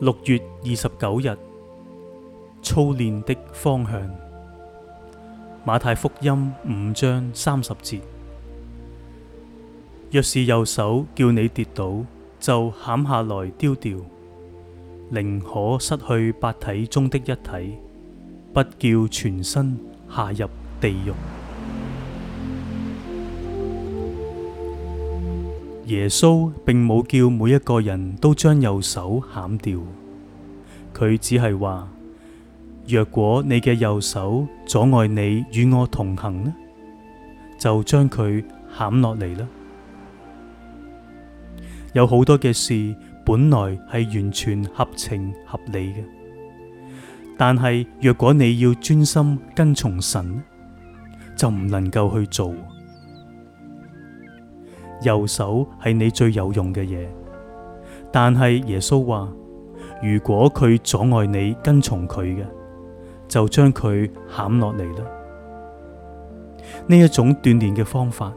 六月二十九日，操練的方向，馬太福音五章三十節：若是右手叫你跌倒，就砍下來丟掉；寧可失去百體中的一體，不叫全身下入地獄。耶穌並冇叫每一個人都將右手砍掉，佢只係話：若果你嘅右手阻礙你與我同行呢，就將佢砍落嚟啦。有好多嘅事本來係完全合情合理嘅，但係若果你要專心跟從神，就唔能夠去做。右手係你最有用嘅嘢，但係耶穌話：如果佢阻礙你跟從佢嘅，就將佢砍落嚟啦。呢一種鍛煉嘅方法，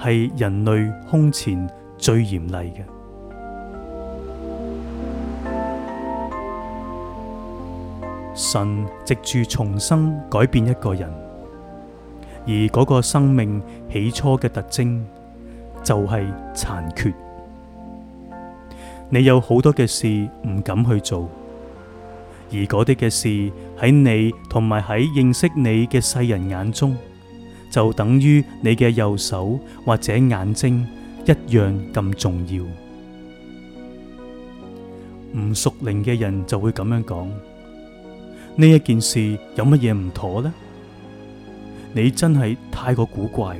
係人類空前最嚴厲嘅。神藉住重生改變一個人，而嗰個生命起初嘅特徵。就係殘缺，你有好多嘅事唔敢去做，而嗰啲嘅事喺你同埋喺認識你嘅世人眼中，就等於你嘅右手或者眼睛一樣咁重要。唔熟靈嘅人就會咁樣講：「呢一件事有乜嘢唔妥呢？你真係太過古怪。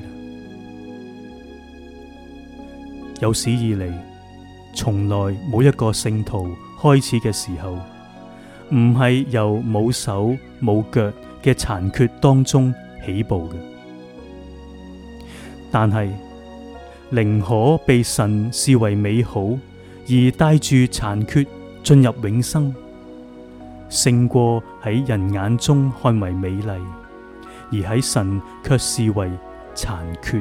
有史以來，從來冇一個聖徒開始嘅時候，唔係由冇手冇腳嘅殘缺當中起步嘅。但係，寧可被神視為美好，而帶住殘缺進入永生，勝過喺人眼中看為美麗，而喺神卻視為殘缺。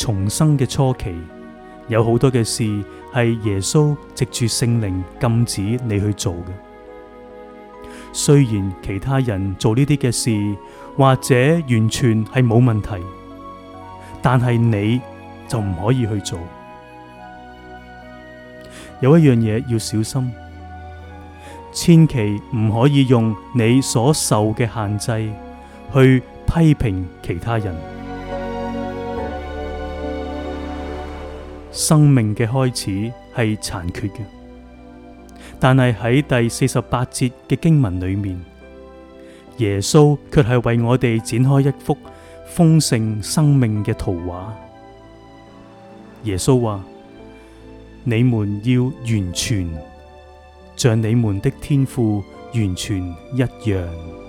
重生嘅初期，有好多嘅事係耶穌藉住聖靈禁止你去做嘅。雖然其他人做呢啲嘅事或者完全係冇問題，但係你就唔可以去做。有一樣嘢要小心，千祈唔可以用你所受嘅限制去批評其他人。生命嘅開始係殘缺嘅，但係喺第四十八節嘅經文裏面，耶穌卻係為我哋展開一幅豐盛生命嘅圖畫。耶穌話：你們要完全，像你們的天父完全一樣。